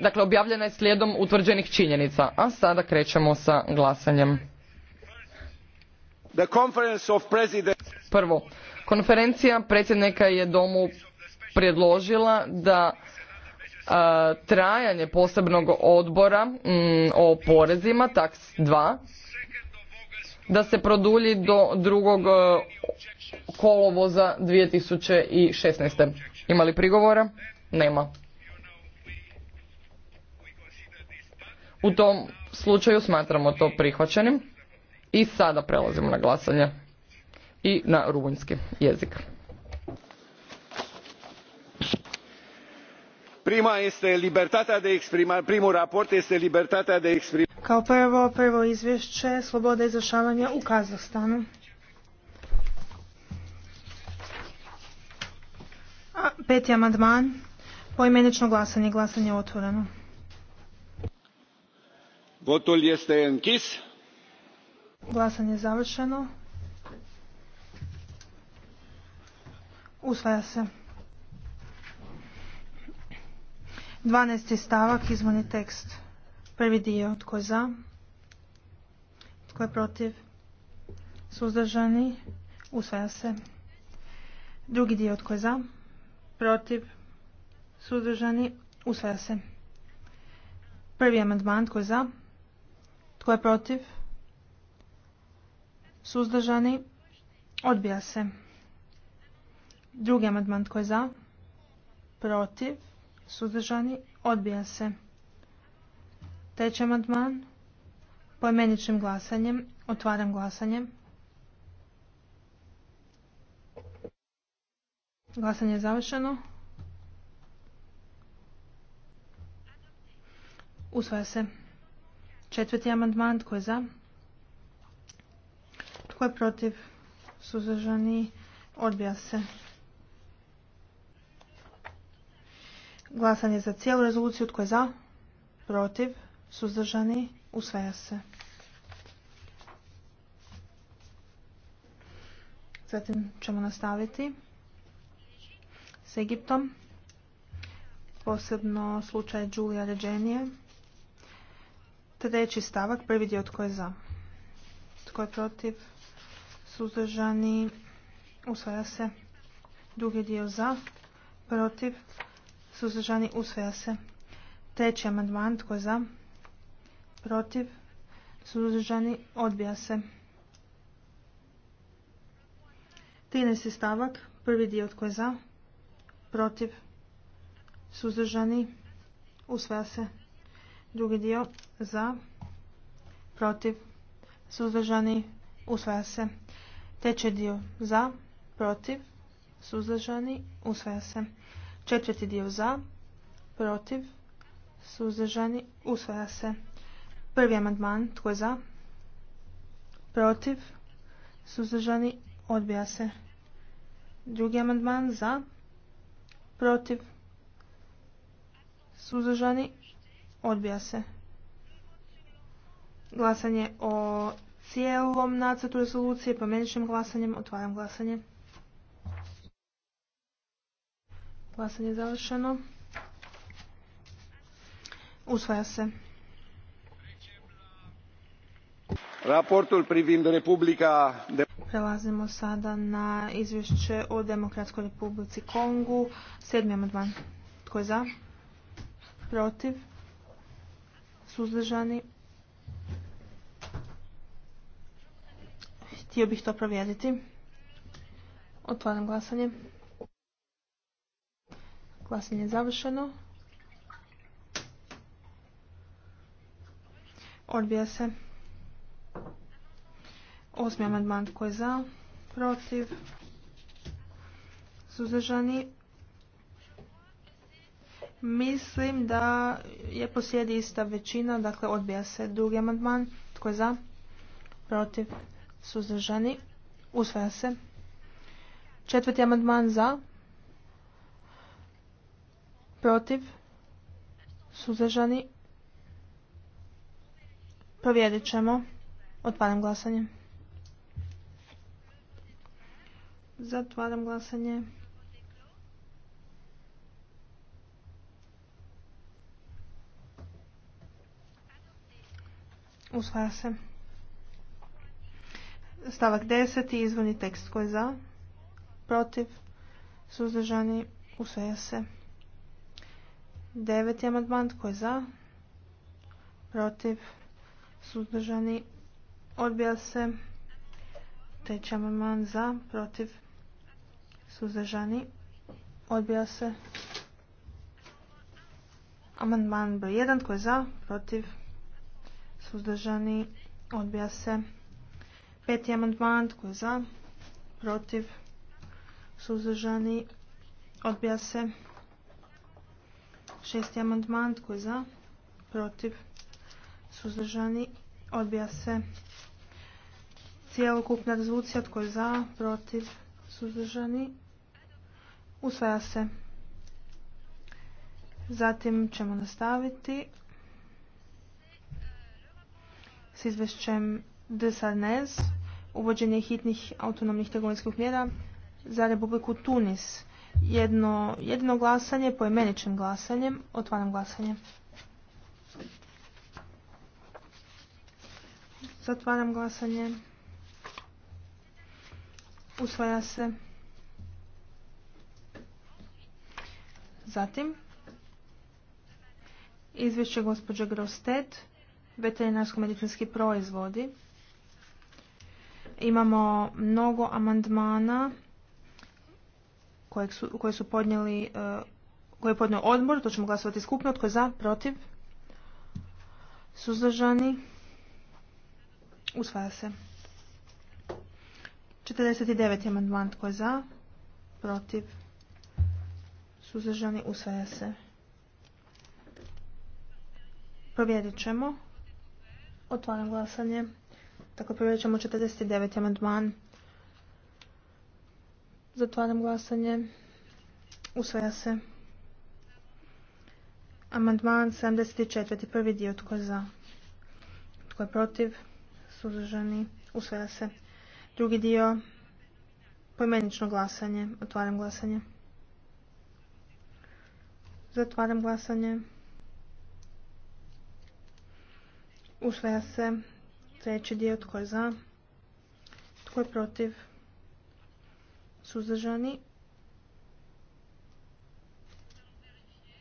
dakle objavljena je slijedom utvrđenih činjenica. A sada krećemo sa glasanjem. Prvo, konferencija predsjednika je domu predložila da trajanje posebnog odbora mm, o porezima, taks 2, da se produlji do drugog e, kolovoza 2016. Ima li prigovora? Nema. U tom slučaju smatramo to prihvaćenim. I sada prelazimo na glasanje i na rumunjski jezik. Prima este libertatea de exprimare, primul raport este libertatea de exprimare. Kao prvo, prvo izvješće sloboda izražavanja u Kazahstanu. peti amandman, poimenično glasanje, glasanje otvoreno votul este închis. glasanje je završeno. usvaja se. Dvanaest stavak, izvorni tekst. Prvi dio, tko je za, tko je protiv, suzdržani, usvaja se. Drugi dio, tko je za, protiv, suzdržani, usvaja se. Prvi amandman, tko je za, tko je protiv? Suzdržani? Odbija se. Drugi amandman tko je za? Protiv? Suzdržani? Odbija se. Treći amandman? Poimeničnim glasanjem. Otvaram glasanje. Glasanje je završeno. Usvaja se. Četvrti amandman, tko je za? Tko je protiv? Suzdržani, odbija se. Glasanje za cijelu rezoluciju, tko je za? Protiv, suzdržani, usvaja se. Zatim ćemo nastaviti s Egiptom. Posebno slučaj Đulija Ređenije. Treći stavak, prvi dio tko je za. Tko je protiv? Suzdržani. Usvaja se. Drugi dio za. Protiv. Suzdržani. Usvaja se. Treći amandman. Tko je za? Protiv. Suzdržani. Odbija se. 13. stavak. Prvi dio tko je za. Protiv. Suzdržani. Usvaja se. Drugi dio za, protiv, suzdržani, usvaja se. Treći dio za, protiv, suzdržani, usvaja se. Četvrti dio za, protiv, suzdržani, usvaja se. Prvi amandman, tko je za, protiv, suzdržani, odbija se. Drugi amandman za, protiv, suzdržani, Odbija se. Glasanje o cijelom nacrtu rezolucije ćemo glasanjem. Otvaram glasanje. Glasanje je završeno. Usvaja se. Prelazimo sada na izvješće o Demokratskoj republici Kongu. Sedmi amandman. Tko je za? Protiv? suzdržani. Htio bih to provjeriti. Otvaram glasanje. Glasanje je završeno. Odbija se. Osmi amandman koji je za, protiv, suzdržani, Mislim da je posjedi ista većina, dakle odbija se drugi amandman. Tko je za? Protiv? Suzdržani? Usvaja se. Četvrti amandman za? Protiv? Suzdržani? Provjerit ćemo. Otvaram glasanje. Zatvaram glasanje. Usvaja se. Stavak 10. Izvorni tekst. Tko je za? Protiv? Suzdržani? Usvaja se. Deveti amandman. Tko je za? Protiv? Suzdržani? Odbija se. Treći amandman. Za? Protiv? Suzdržani? Odbija se. Amandman broj jedan Tko je za? Protiv? suzdržani, odbija se. Peti amandman, tko je za, protiv, suzdržani, odbija se. Šesti amandman, tko je za, protiv, suzdržani, odbija se. Cijelokupna rezolucija, tko je za, protiv, suzdržani, usvaja se. Zatim ćemo nastaviti s izvješćem de uvođenje hitnih autonomnih trgovinskih mjera za Republiku Tunis. Jedno, jedino glasanje poimeničnim glasanjem. Otvaram glasanje. Zatvaram glasanje. Usvaja se. Zatim, izvješće gospođe Grosted veterinarsko-medicinski proizvodi. Imamo mnogo amandmana koje su, podnijeli e, koje je podnio odbor, to ćemo glasovati skupno, tko je za, protiv, suzdržani, usvaja se. 49. amandman, tko je za, protiv, suzdržani, usvaja se. Provjerit ćemo. Otvaram glasanje. Tako dakle, provjerit ćemo 49. amandman. Zatvaram glasanje. Usvaja se. Amandman 74. Prvi dio. Tko je za? Tko je protiv? Suzdržani. Usvaja se. Drugi dio. Pojmenično glasanje. Otvaram glasanje. Zatvaram glasanje. Usvaja se treći dio tko je za, tko je protiv, suzdržani.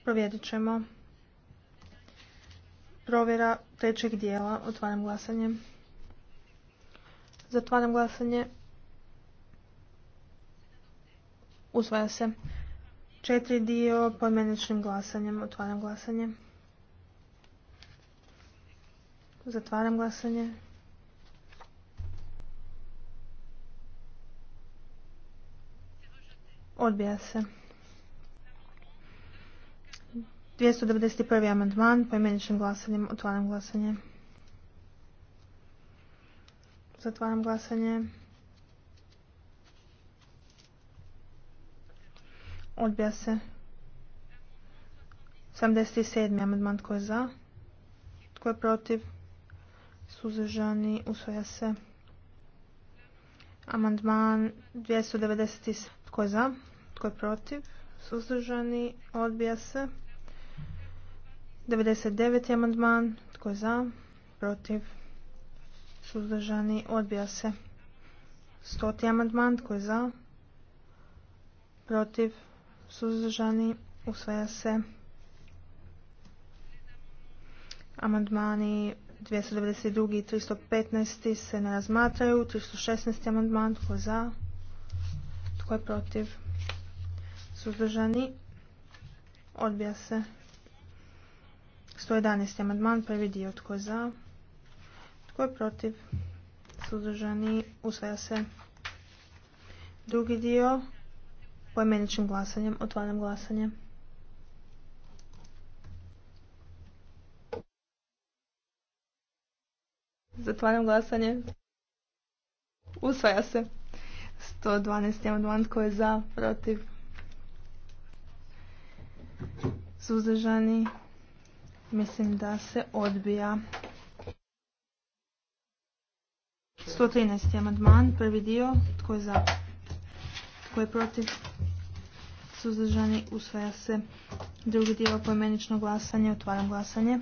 Provjerit ćemo. Provjera trećeg dijela. Otvaram glasanje. Zatvaram glasanje. Usvaja se. Četiri dio pojmeničnim glasanjem. Otvaram glasanje. Zatvaram glasanje. Odbija se. 291. amandman, poimeničnim glasanjem, otvaram glasanje. Zatvaram glasanje. Odbija se. 77. amandman, tko je za? Tko je protiv? suzdržani, usvaja se. Amandman 290. Tko je za? Tko je protiv? Suzdržani, odbija se. 99. amandman. Tko je za? Protiv? Suzdržani, odbija se. 100. amandman. Tko je za? Protiv? Suzdržani, usvaja se. Amandmani 292. i 315. se ne razmatraju. 316. amandman. Tko je za? Tko je protiv? Suzdržani? Odbija se. 111. amandman. Prvi dio. Tko je za? Tko je protiv? Suzdržani? Usvaja se. Drugi dio. Pojmeničnim glasanjem. Otvaram glasanje. Zatvaram glasanje. Usvaja se. 112. amandman tko je za, protiv. Suzdržani. Mislim da se odbija. 113. amandman, prvi dio, tko je za, tko je protiv, suzdržani, usvaja se. Drugi dio, pojmenično glasanje, otvaram glasanje.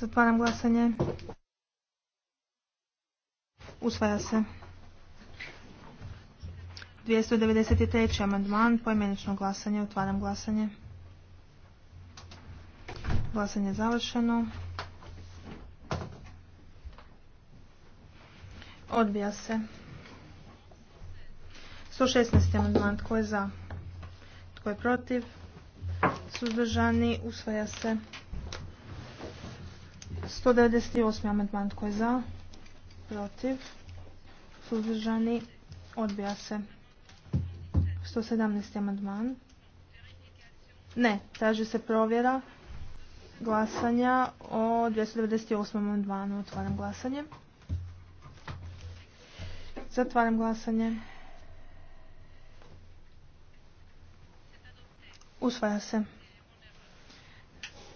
Zatvaram glasanje. Usvaja se. 293. amandman, Pojmenično glasanje, otvaram glasanje. Glasanje je završeno. Odbija se. 116. amandman, tko je za? Tko je protiv? Suzdržani, usvaja se. 198. amandman tko je za? Protiv. Suzdržani. Odbija se. 117. amandman. Ne, traži se provjera glasanja o 298. amandmanu. Otvaram glasanje. Zatvaram glasanje. Usvaja se.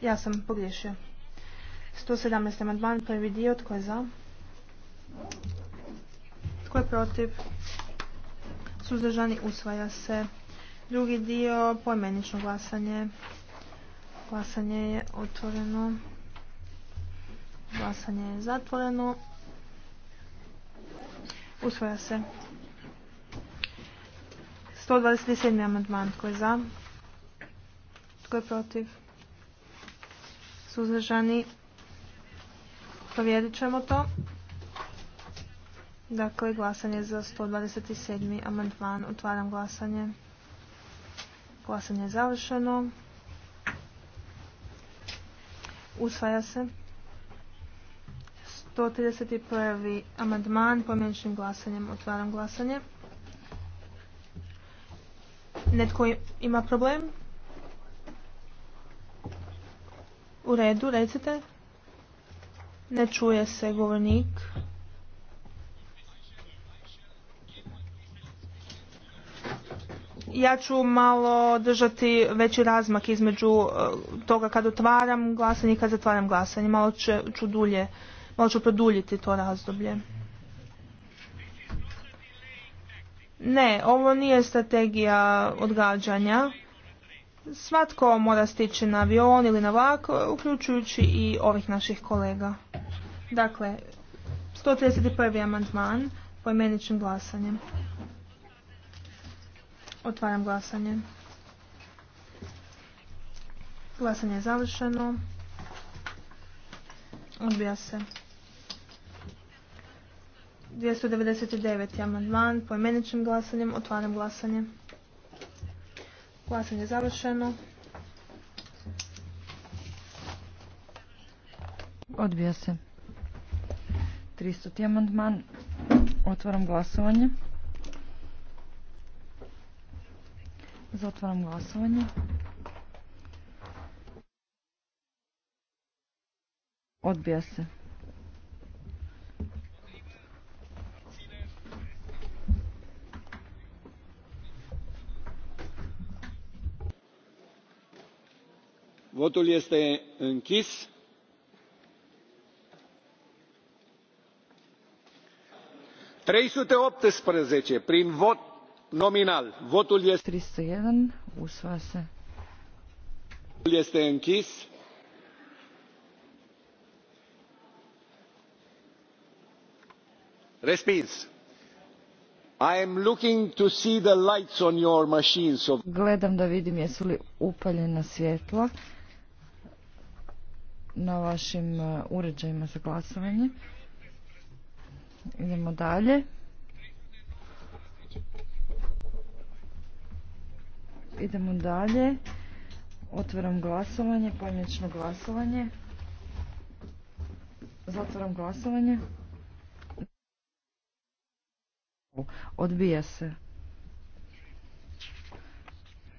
Ja sam pogriješio. 117. amandman, prvi dio, tko je za? Tko je protiv? Suzdržani usvaja se. Drugi dio, pojmenično glasanje. Glasanje je otvoreno. Glasanje je zatvoreno. Usvaja se. 127. amandman. Tko je za? Tko je protiv? Suzdržani Provjerit ćemo to. Dakle, glasanje za 127. amandman. Otvaram glasanje. Glasanje je završeno. Usvaja se. 131. amandman pomjeničnim glasanjem. Otvaram glasanje. Netko ima problem? U redu, recite. Ne čuje se govornik. Ja ću malo držati veći razmak između e, toga kad otvaram glasanje i kad zatvaram glasanje. Malo ću, dulje, malo ću produljiti to razdoblje. Ne, ovo nije strategija odgađanja. Svatko mora stići na avion ili na vlak, uključujući i ovih naših kolega. Dakle, 131. amandman imeničnim glasanjem. Otvaram glasanje. Glasanje je završeno. Odbija se. 299. amandman imeničnim glasanjem. Otvaram glasanje. Glasanje je završeno. Odbija se. 300. amandman. Otvaram glasovanje. Zatvaram glasovanje. Odbija se. votul este închis. trei sute optsprezece prin vot nominal votul este. închis. respins. I am looking to see the lights on your machine, so... Gledam da vidim jesu li upaljena svjetla na vašim e, uređajima za glasovanje. Idemo dalje. Idemo dalje. Otvaram glasovanje, pojedinačno glasovanje. Zatvaram glasovanje. Odbija se.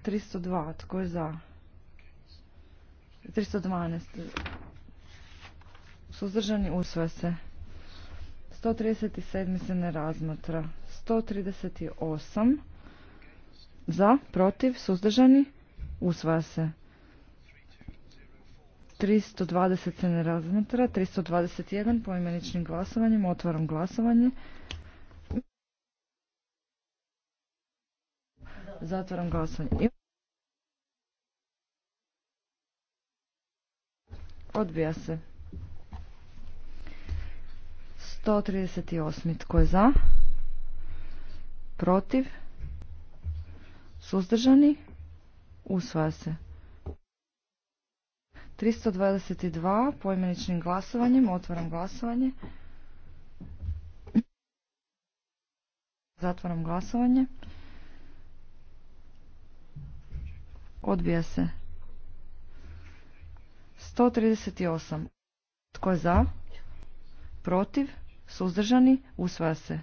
302. Tko je za? 312. Suzdržani usvaja se. 137. se ne razmatra. 138. Za, protiv, suzdržani usvaja se. 320 se ne razmatra. 321 poimeničnim glasovanjem. Otvaram glasovanje. Zatvaram glasovanje. Odbija se. 138. Tko je za? Protiv? Suzdržani? Usvaja se. 322. Pojmeničnim glasovanjem. Otvaram glasovanje. Zatvaram glasovanje. Odbija se. 138. Tko je za? Protiv? Suzdržani? Usvaja se.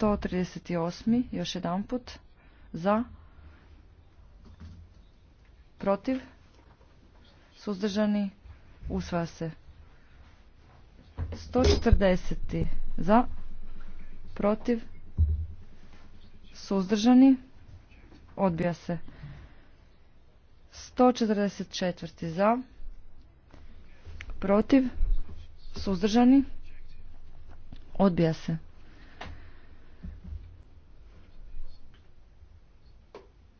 138. Još jedan put. Za? Protiv? Suzdržani? Usvaja se. 140. Za? Protiv? Suzdržani? Odbija se. 144. za, protiv, suzdržani, odbija se.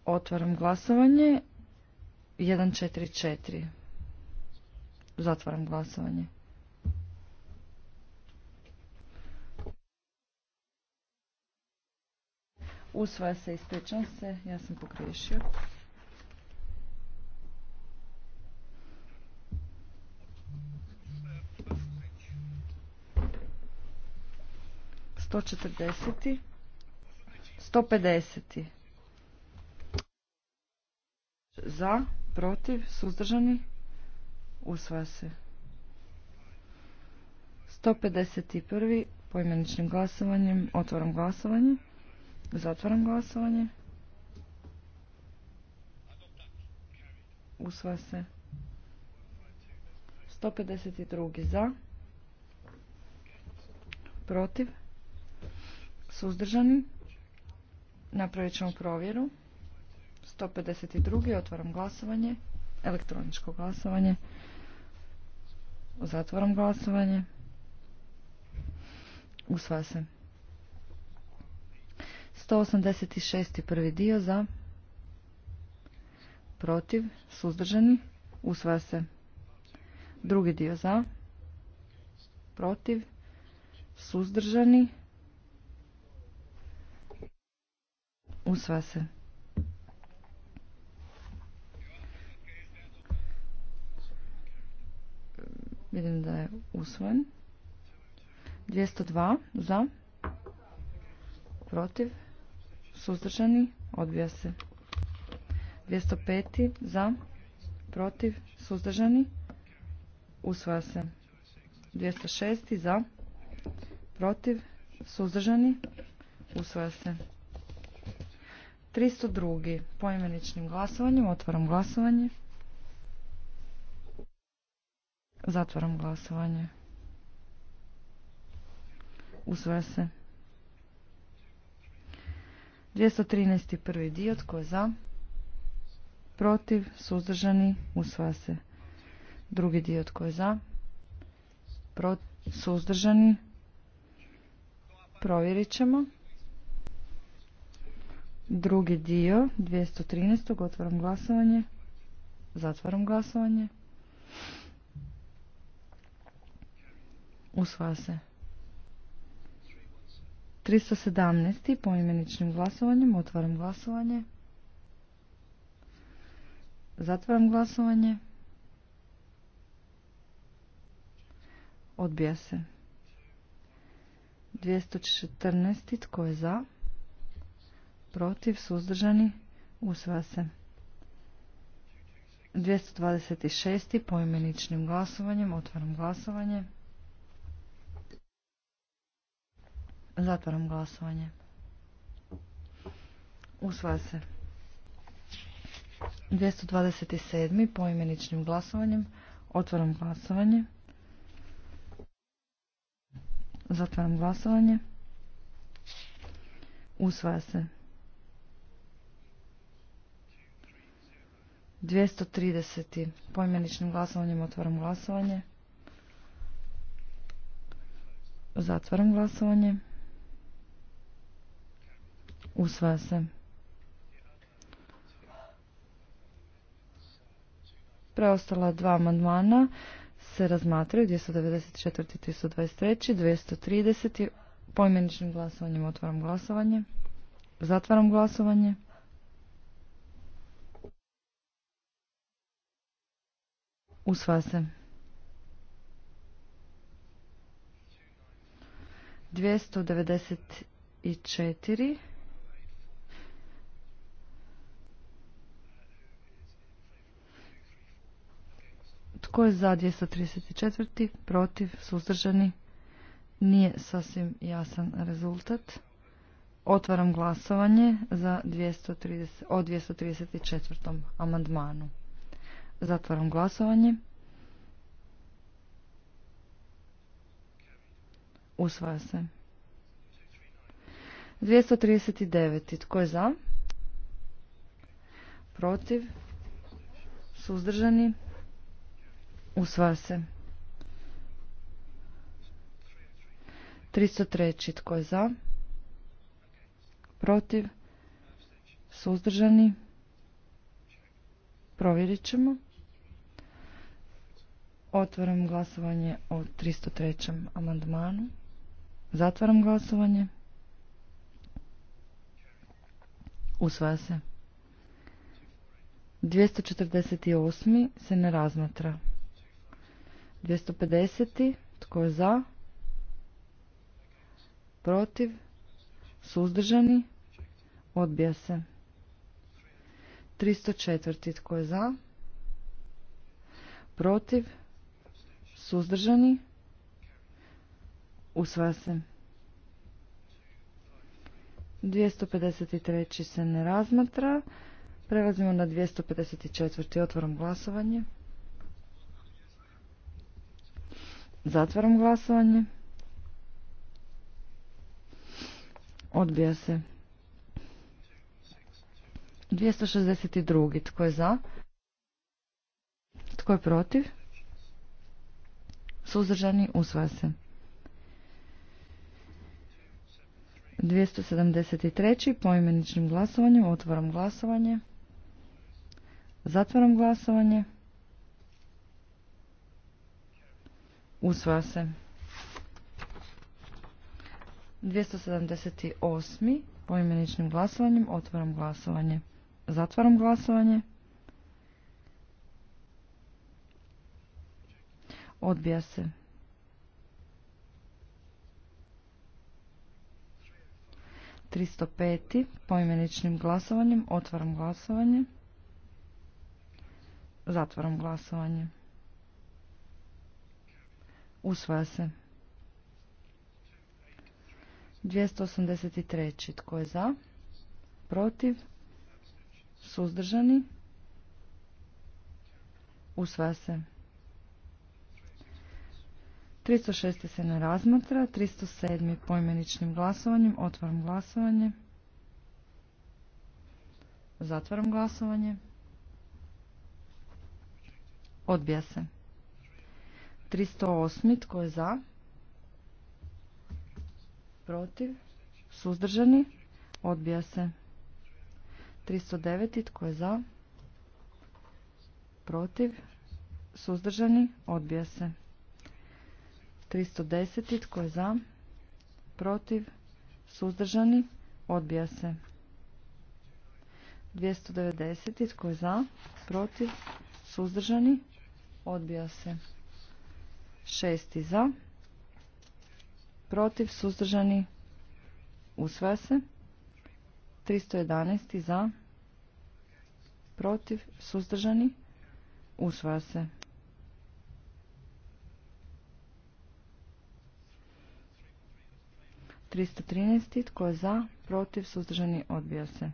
Otvaram glasovanje. 144. Zatvaram glasovanje. Usvaja se, ispričam se, ja sam pogriješio. 140. 150. Za, protiv, suzdržani, usvaja se. 151. poimeničnim glasovanjem, otvorom glasovanje, zatvorom glasovanje, usvaja se. 152. za, protiv, Suzdržani? Napravit ćemo provjeru. 152. Otvaram glasovanje. Elektroničko glasovanje. Zatvaram glasovanje. Usvaja se. 186. prvi dio za. Protiv. Suzdržani. Usvaja se. Drugi dio za. Protiv. Suzdržani. Usva se. Vidim da je usvojen. 202 za. Protiv. Suzdržani. Odbija se. 205 za. Protiv. Suzdržani. Usvaja se. 206 za. Protiv. Suzdržani. Usvaja se. 302. Poimeničnim glasovanjem otvaram glasovanje. Zatvaram glasovanje. Usvaja se. 213. prvi dio, tko je za? Protiv, suzdržani, usvaja se. Drugi dio, tko je za? suzdržani. Provjerit ćemo. Drugi dio, 213. Otvaram glasovanje. Zatvaram glasovanje. Usvaja se. 317. poimeničnim glasovanjem. Otvaram glasovanje. Zatvaram glasovanje. Odbija se. 214. Tko je za? protiv, suzdržani, usvaja se. 226. poimeničnim glasovanjem, otvaram glasovanje. Zatvaram glasovanje. Usvaja se. 227. poimeničnim glasovanjem, otvaram glasovanje. Zatvaram glasovanje. Usvaja se. 230. Pojmeničnim glasovanjem otvaram glasovanje. Zatvaram glasovanje. Usvaja se. Preostala dva amandmana se razmatraju 294. i 230. Pojmeničnim glasovanjem otvaram glasovanje. Zatvaram glasovanje. Usva se. 294. Tko je za 234. Protiv, suzdržani. Nije sasvim jasan rezultat. Otvaram glasovanje za 230, o 234. amandmanu. Zatvaram glasovanje. Usvaja se. 239. Tko je za? Protiv? Suzdržani? Usvaja se. 303. Tko je za? Protiv? Suzdržani? Provjerit ćemo. Otvaram glasovanje o 303. amandmanu. Zatvaram glasovanje. Usvaja se. 248. se ne razmatra. 250. tko je za? Protiv? Suzdržani? Odbija se. 304. tko je za? Protiv? Suzdržani? Usvaja se. 253. se ne razmatra. Prelazimo na 254. Otvorom glasovanje. Zatvaram glasovanje. Odbija se. 262. Tko je za? Tko je protiv? suzdržani, usvaja se. 273. poimeničnim glasovanjem otvaram glasovanje. Zatvaram glasovanje. Usvaja se. 278. poimeničnim glasovanjem otvaram glasovanje. Zatvaram glasovanje. Odbija se. Tristo peti poimeničnim glasovanjem. Otvaram glasovanje. Zatvaram glasovanje. Usvaja se. 283. Tko je za? Protiv? Suzdržani? Usvaja se. 306. se ne razmatra, 307. poimeničnim glasovanjem, otvaram glasovanje, zatvaram glasovanje, odbija se. 308. tko je za, protiv, suzdržani, odbija se. 309. tko je za, protiv, suzdržani, odbija se. 310. Tko je za? Protiv? Suzdržani? Odbija se. 290. Tko je za? Protiv? Suzdržani? Odbija se. 6. Za? Protiv? Suzdržani? Usvaja se. 311. Za? Protiv? Suzdržani? Usvaja se. 313. Tko je za? Protiv? Suzdržani? Odbija se.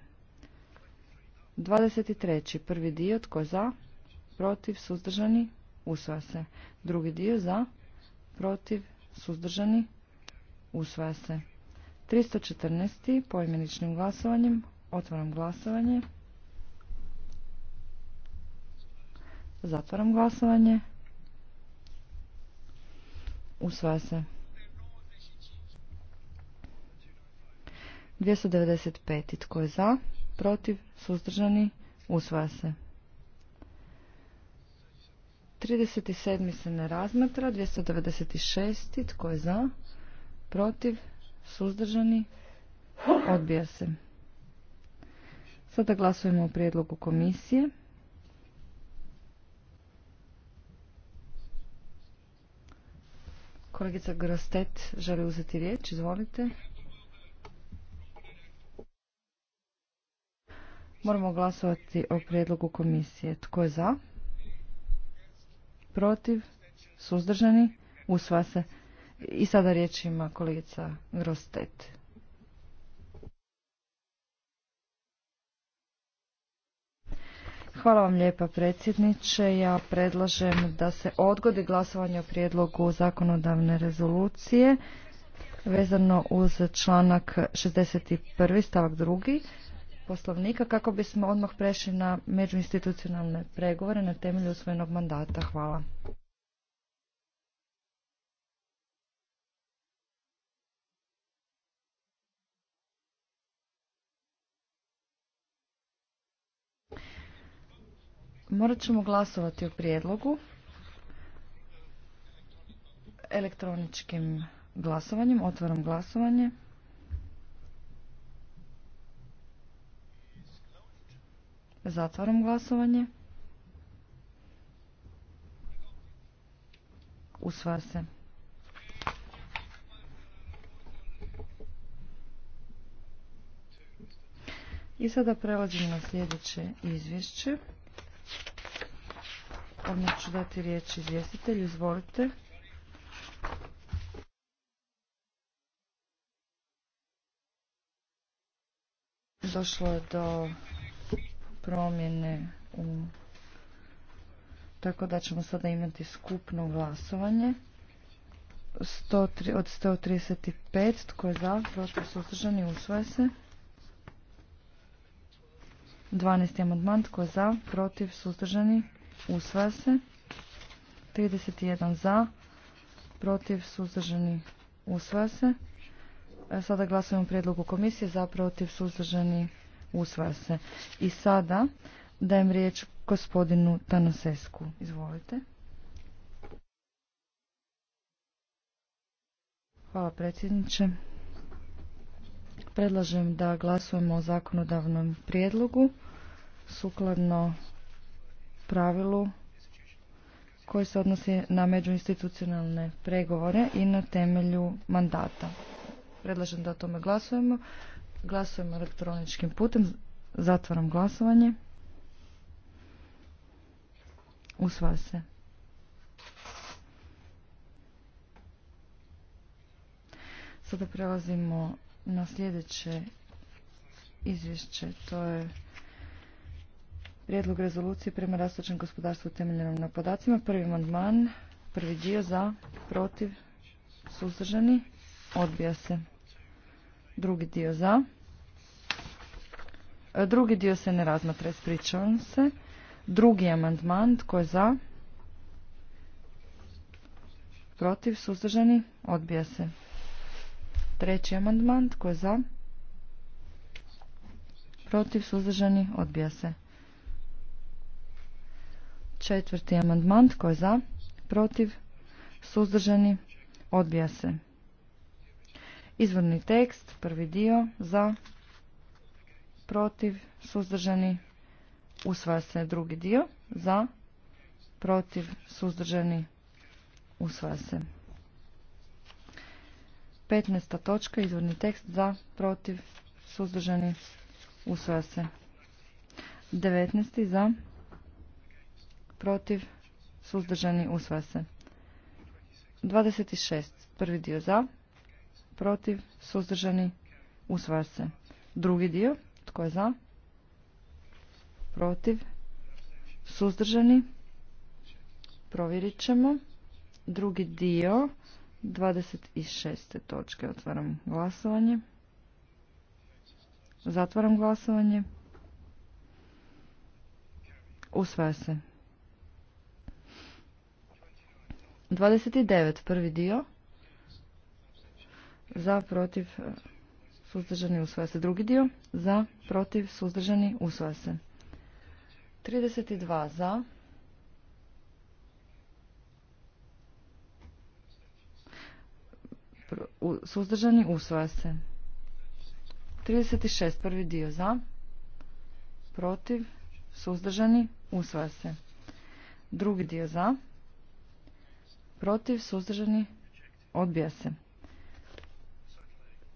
23. Prvi dio. Tko je za? Protiv? Suzdržani? Usvaja se. Drugi dio. Za? Protiv? Suzdržani? Usvaja se. 314. Poimeničnim glasovanjem. Otvaram glasovanje. Zatvaram glasovanje. Usvaja se. 295. Tko je za? Protiv? Suzdržani? Usvaja se. 37. se ne razmatra. 296. Tko je za? Protiv? Suzdržani? Odbija se. Sada glasujemo o prijedlogu komisije. Kolegica Grostet želi uzeti riječ. Izvolite. Moramo glasovati o prijedlogu komisije. Tko je za? Protiv? Suzdržani? Usva se. I sada riječ ima kolegica Grostet. Hvala vam lijepa predsjedniče. Ja predlažem da se odgodi glasovanje o prijedlogu zakonodavne rezolucije vezano uz članak 61. stavak 2 poslovnika kako bismo odmah prešli na međuinstitucionalne pregovore na temelju usvojenog mandata. Hvala. Morat ćemo glasovati o prijedlogu elektroničkim glasovanjem. Otvaram glasovanje. Zatvaram glasovanje. Usvaja se. I sada prelazimo na sljedeće izvješće. Ovdje ću dati riječ izvjestitelju. Izvolite. Došlo je do promjene u tako da ćemo sada imati skupno glasovanje 103, od 135 tko je za, protiv suzdržani usvoje se 12. amandman tko je za, protiv suzdržani usvaja se 31 za protiv suzdržani usvaja se e, sada glasujemo o prijedlogu komisije za protiv suzdržani usvaja se. I sada dajem riječ gospodinu Tanasesku. Izvolite. Hvala predsjedniče. Predlažem da glasujemo o zakonodavnom prijedlogu sukladno pravilu koji se odnosi na međuinstitucionalne pregovore i na temelju mandata. Predlažem da o tome glasujemo. Glasujemo elektroničkim putem. Zatvaram glasovanje. Usvaja se. Sada prelazimo na sljedeće izvješće. To je prijedlog rezolucije prema rastočnom gospodarstvu temeljenom na podacima. Prvi mandman, prvi dio za, protiv, suzdržani, odbija se. Drugi dio za. E, drugi dio se ne razmatra, ispričavam se. Drugi amandman, tko je za? Protiv, suzdržani, odbija se. Treći amandman, tko je za? Protiv, suzdržani, odbija se. Četvrti amandman, tko je za? Protiv, suzdržani, odbija se. Izvorni tekst, prvi dio, za, protiv, suzdržani, usvaja se drugi dio, za, protiv, suzdržani, usvaja se. 15. točka, izvorni tekst, za, protiv, suzdržani, usvaja se. 19. za, protiv, suzdržani, usvaja se. 26. prvi dio za, protiv, suzdržani, usvaja se. Drugi dio, tko je za, protiv, suzdržani, provjerit ćemo. Drugi dio, 26. točke, otvaram glasovanje. Zatvaram glasovanje. Usvaja se. 29. prvi dio za, protiv, e, suzdržani, usvaja se. Drugi dio, za, protiv, suzdržani, usvaja se. 32 za, suzdržani, usvaja se. 36, prvi dio, za, protiv, suzdržani, usvaja se. Drugi dio, za, protiv, suzdržani, odbija se.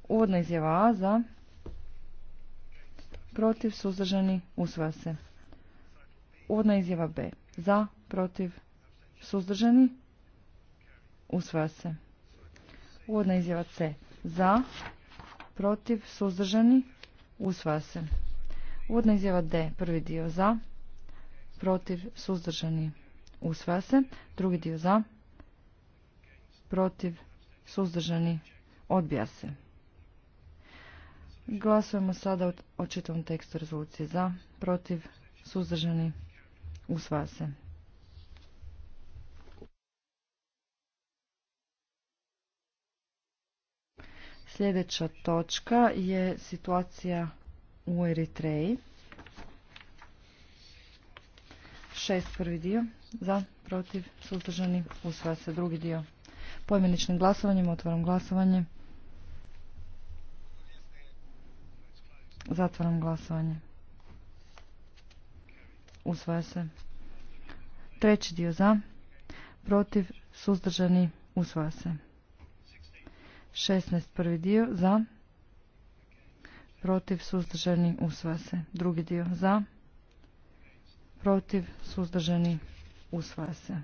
Uvodna izjava A za, protiv, suzdržani, usvaja se. Uvodna izjava B za, protiv, suzdržani, usvaja se. Uvodna izjava C za, protiv, suzdržani, usvaja se. Uvodna izjava D, prvi dio za, protiv, suzdržani, usvaja se. Drugi dio za, protiv, suzdržani, odbija se. Glasujemo sada o čitavom tekstu rezolucije za, protiv, suzdržani, usvaja se. Sljedeća točka je situacija u Eritreji. Šest prvi dio. Za, protiv, suzdržani, usvaja se drugi dio. Pojmeničnim glasovanjem otvaram glasovanje. Zatvaram glasovanje. Usvaja se. Treći dio za. Protiv. Suzdržani. Usvaja se. 16. Prvi dio za. Protiv. Suzdržani. Usvaja se. Drugi dio za. Protiv. Suzdržani. Usvaja se.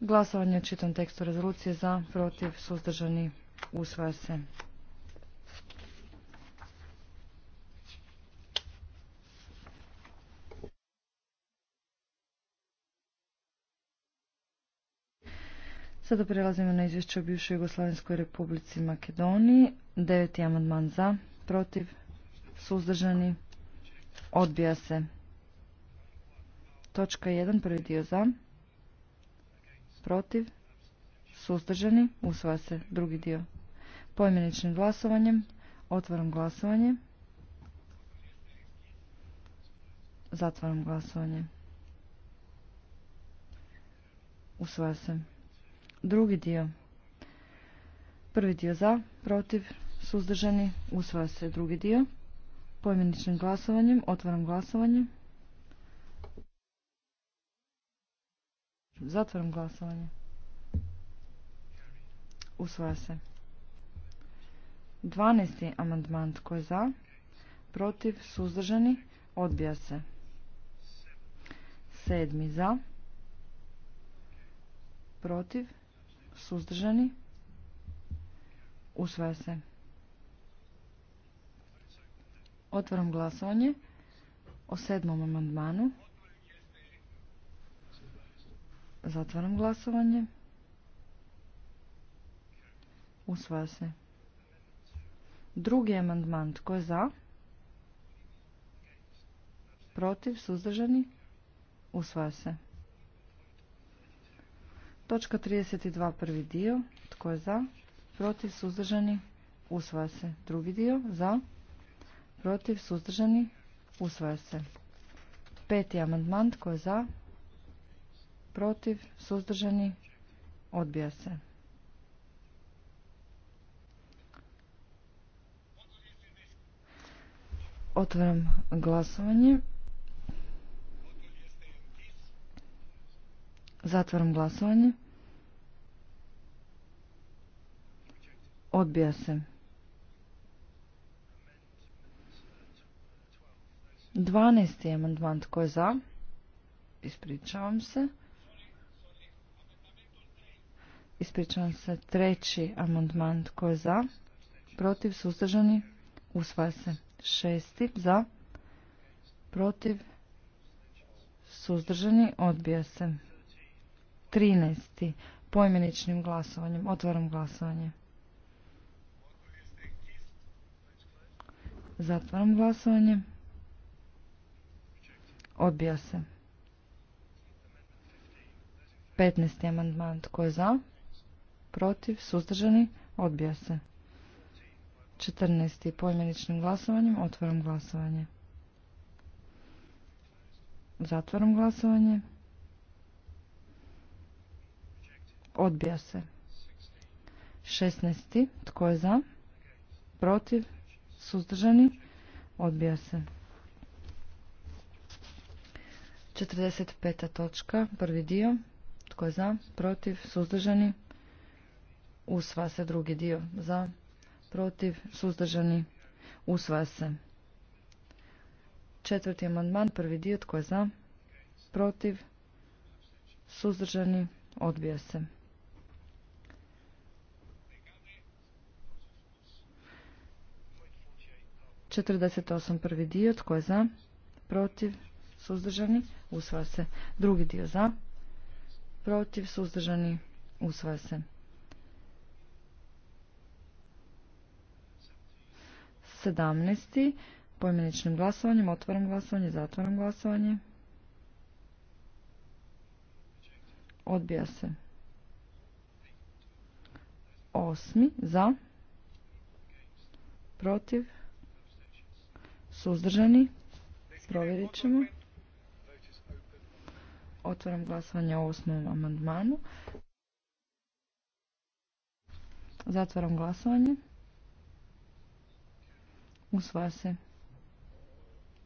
Glasovanje o čitom tekstu rezolucije za. Protiv. Suzdržani. Usvaja se. Sada prelazimo na izvješće o bivšoj Jugoslavenskoj republici Makedoniji. Deveti amandman za, protiv, suzdržani, odbija se. Točka 1, prvi dio za, protiv, suzdržani, usvaja se drugi dio. Poimeničnim glasovanjem otvorom glasovanje. Zatvaram glasovanje. Usvaja se. Drugi dio. Prvi dio za, protiv, suzdržani, usvaja se drugi dio. Pojmeničnim glasovanjem, otvaram glasovanje. Zatvaram glasovanje. Usvaja se. 12. amandman tko je za, protiv, suzdržani, odbija se. Sedmi za, protiv, Suzdržani? Usvaja se. Otvaram glasovanje o sedmom amandmanu. Zatvaram glasovanje. Usvaja se. Drugi amandman. Tko je za? Protiv? Suzdržani? Usvaja se. Točka 32, prvi dio. Tko je za? Protiv, suzdržani, usvaja se. Drugi dio, za? Protiv, suzdržani, usvaja se. Peti amandman, tko je za? Protiv, suzdržani, odbija se. Otvaram glasovanje. Zatvaram glasovanje. Odbija se. 12. amandman tko je za? Ispričavam se. Ispričavam se. Treći amandman tko je za? Protiv, suzdržani, usvaja se. Šesti za, protiv, suzdržani, odbija se. 13. pojmeničnim glasovanjem. Otvaram glasovanje. Zatvaram glasovanje. Odbija se. 15. amandman. Tko je za? Protiv? Suzdržani? Odbija se. 14. pojmeničnim glasovanjem. Otvaram glasovanje. Zatvaram glasovanje. Odbija se. 16. Tko je za? Protiv? Suzdržani? Odbija se. peta točka, prvi dio. Tko je za? Protiv? Suzdržani? Usva se drugi dio. Za? Protiv? Suzdržani? Usva se. Četvrti amandman, prvi dio. Tko je za? Protiv? Suzdržani? Odbija se. 48 prvi dio, tko je za, protiv, suzdržani, usvaja se. Drugi dio za, protiv, suzdržani, usvaja se. 17. Pojmeničnim glasovanjem, otvaram glasovanje, zatvaram glasovanje. Odbija se. Osmi, za, protiv, Suzdržani? Provjerit ćemo. Otvaram glasovanje o osmom amandmanu. Zatvaram glasovanje. Usvaja se.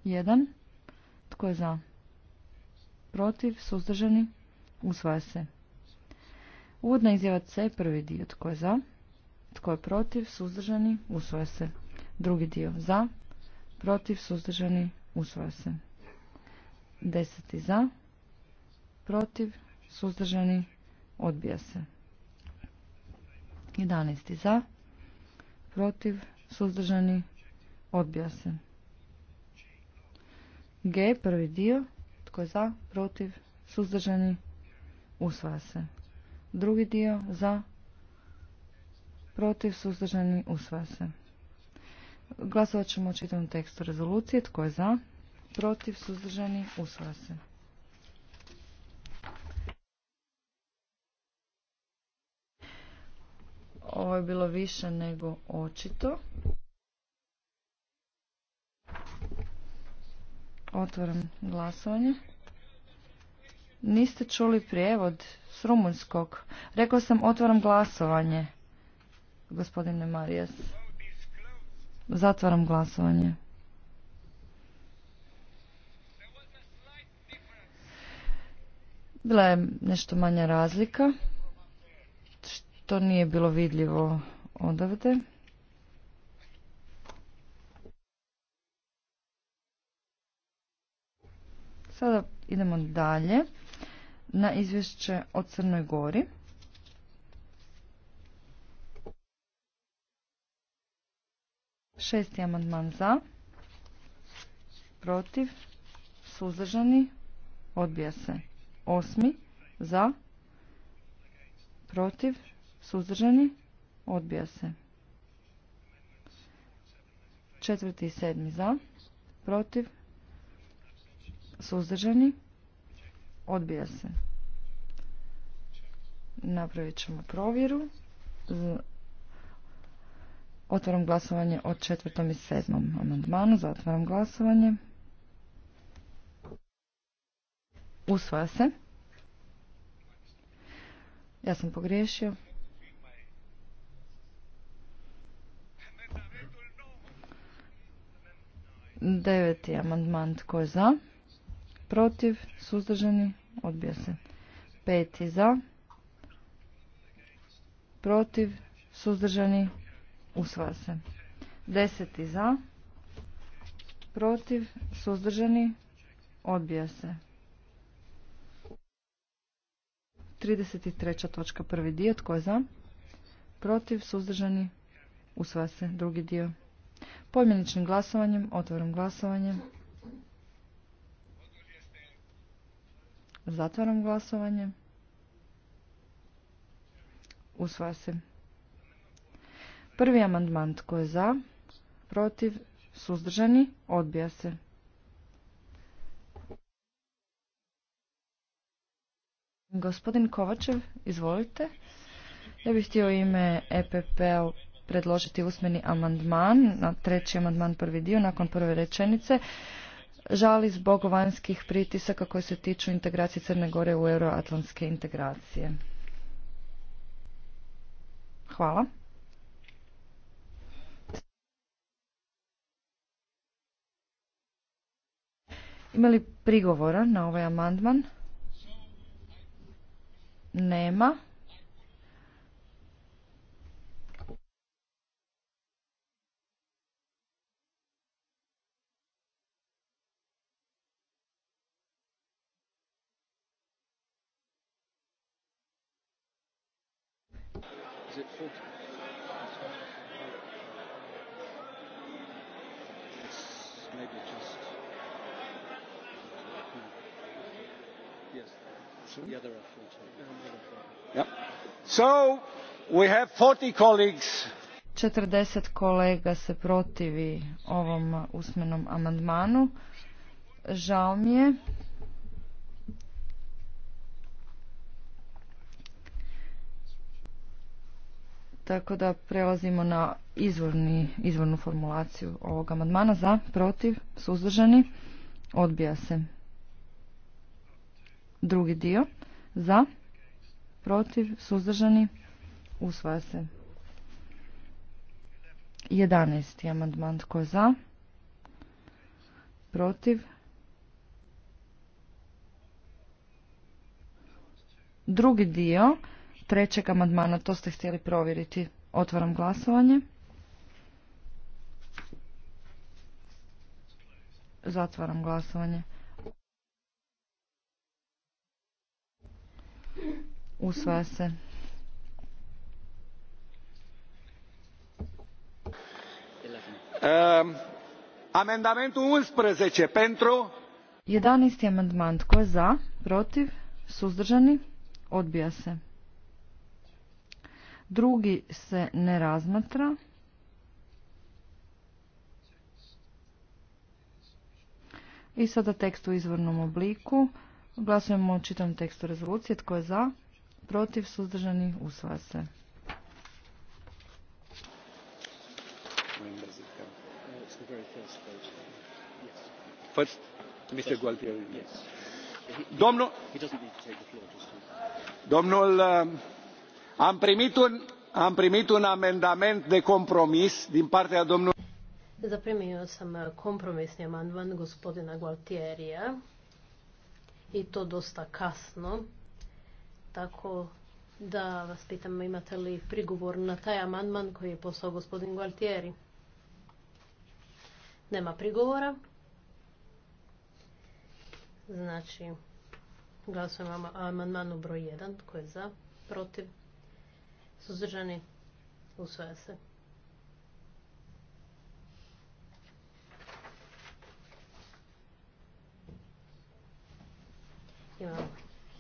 Jedan. Tko je za? Protiv? Suzdržani? Usvaja se. Uvodna izjava C, prvi dio. Tko je za? Tko je protiv? Suzdržani? Usvaja se. Drugi dio. Za? protiv, suzdržani, usvaja se. Deseti za, protiv, suzdržani, odbija se. Jedanesti za, protiv, suzdržani, odbija se. G, prvi dio, tko je za, protiv, suzdržani, usvaja se. Drugi dio, za, protiv, suzdržani, usvaja se. Glasovat ćemo o čitavom tekstu rezolucije. Tko je za? Protiv? Suzdržani? Usvaja se. Ovo je bilo više nego očito. Otvaram glasovanje. Niste čuli prijevod s rumunjskog. Rekao sam otvoram glasovanje, gospodine Marijas. Zatvaram glasovanje. Bila je nešto manja razlika, što nije bilo vidljivo odavde. Sada idemo dalje na izvješće o Crnoj Gori. Šesti amandman za. Protiv. Suzdržani. Odbija se. Osmi. Za. Protiv. Suzdržani. Odbija se. Četvrti i sedmi za. Protiv. Suzdržani. Odbija se. Napravit ćemo provjeru. Otvaram glasovanje o četvrtom i sedmom amandmanu. Zatvaram glasovanje. Usvaja se. Ja sam pogriješio. Deveti amandman tko je za? Protiv? Suzdržani? Odbija se. Peti za? Protiv? Suzdržani? Usvaja se. Deseti za. Protiv. Suzdržani. Odbija se. 33. točka prvi dio. Tko je za? Protiv. Suzdržani. Usvaja se. Drugi dio. Pojmeničnim glasovanjem. Otvaram glasovanje. Zatvaram glasovanje. Usvaja se. Prvi amandman tko je za, protiv, suzdržani, odbija se. Gospodin Kovačev, izvolite. Ja bih htio ime epp p-a predložiti usmeni amandman, na treći amandman prvi dio, nakon prve rečenice. Žali zbog vanjskih pritisaka koji se tiču integracije Crne Gore u euroatlantske integracije. Hvala. li prigovora na ovaj amandman? Nema. Četrdeset kolega se protivi ovom usmenom amandmanu. Žao mi je. Tako da prelazimo na izvorni, izvornu formulaciju ovog amandmana. Za, protiv, suzdržani, odbija se. Drugi dio za, protiv, suzdržani, usvaja se. 11. amandman tko je za, protiv, drugi dio trećeg amandmana, to ste htjeli provjeriti. Otvaram glasovanje. Zatvaram glasovanje. Usvaja se. Um, amendamentul 11 pentru 11. amandman tko je za, protiv, suzdržani, odbija se. Drugi se ne razmatra. I sada tekst u izvornom obliku. Glasujemo o čitom tekstu rezolucije. Tko je za? protiv, suzdržani, usvaja se. First, Mr. Gualtieri. Yes. Domnul, domnul, um, am primit un, am primit un amendament de compromis din partea domnului. primio sam uh, kompromisni amandman gospodina Gualtierija i to dosta kasno. Tako da vas pitam imate li prigovor na taj amandman koji je poslao gospodin Gualtieri. Nema prigovora. Znači, glasujemo o amandmanu broj 1, koji je za, protiv, suzdržani, usvaja se. Imamo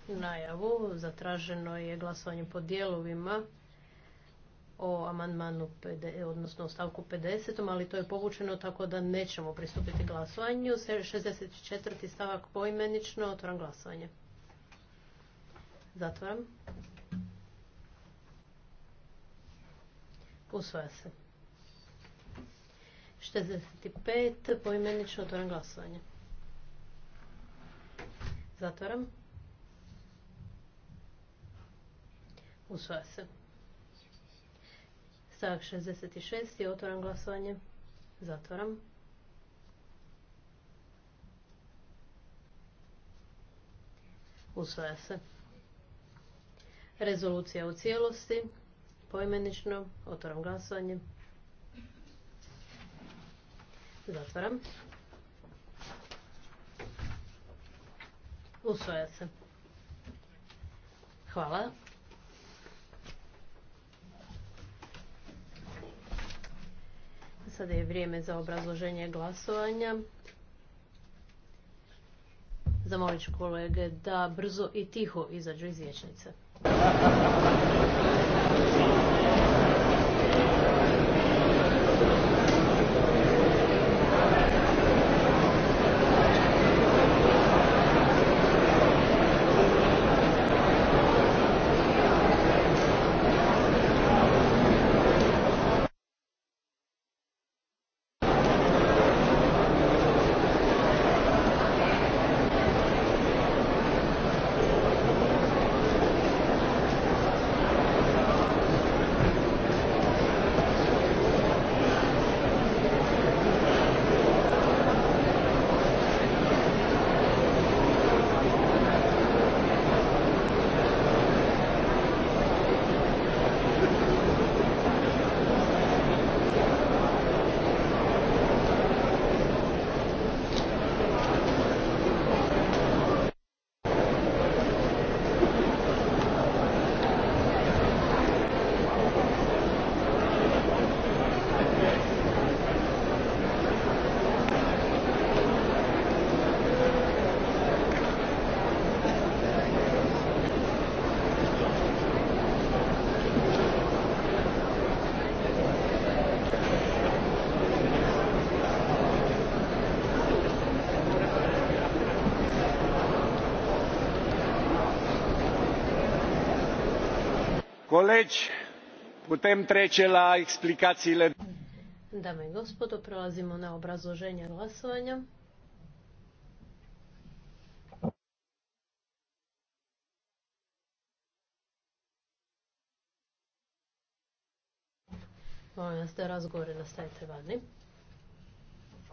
najavu. Zatraženo je glasovanje po dijelovima o amandmanu, odnosno o stavku 50, ali to je povučeno tako da nećemo pristupiti glasovanju. 64. stavak poimenično, otvoram glasovanje. Zatvoram. Usvaja se. 65. Poimenično otvoram glasovanje. Zatvoram. Usvaja se. Stavak 66. Otvoram glasovanje. Zatvoram. Usvaja se. Rezolucija u cijelosti. Poimenično. Otvoram glasovanje. Zatvoram. Usvaja se. Hvala. Sada je vrijeme za obrazloženje glasovanja. Zamolit ću kolege da brzo i tiho izađu iz vječnice. Colegi, putem trece la explicațiile. Dame i gospodo, prelazimo na obrazloženje glasovanja. Molim vas da razgovore nastavite vani.